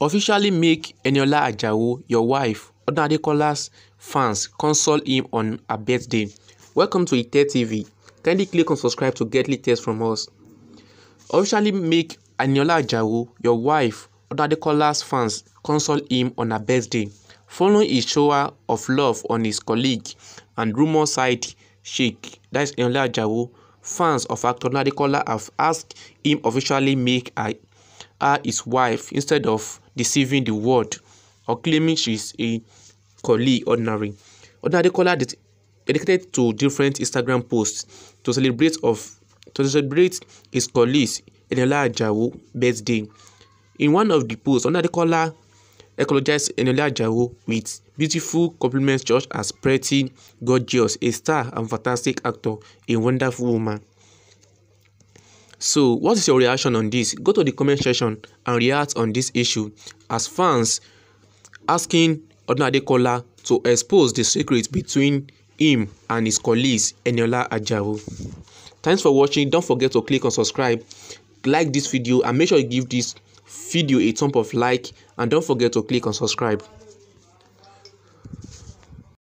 officially make Eniola Ajao your wife, other Adekola's fans console him on her birthday. Welcome to Ite TV. Kindly click on subscribe to get latest from us. Officially make Eniola Ajao your wife, other Adekola's fans console him on her birthday. Following his shower of love on his colleague and rumor site Sheikh, that is Eniola Ajao, fans of actor Adekola have asked him officially make her her his wife instead of deceiving the world or claiming she is a colleague ordinary. Onadekola dedicated to different Instagram posts to celebrate of to celebrate his colleague Eniola Ajao's birthday. In one of the posts, Onadekola ecologized Eniola Ajao with beautiful compliments such as pretty, gorgeous, a star and fantastic actor, a wonderful woman. So, what is your reaction on this? Go to the comment section and react on this issue as fans asking Odun Kola to expose the secret between him and his colleagues Eniola Ajao. Thanks for watching. Don't forget to click on subscribe, like this video, and make sure you give this video a thumb of like and don't forget to click on subscribe.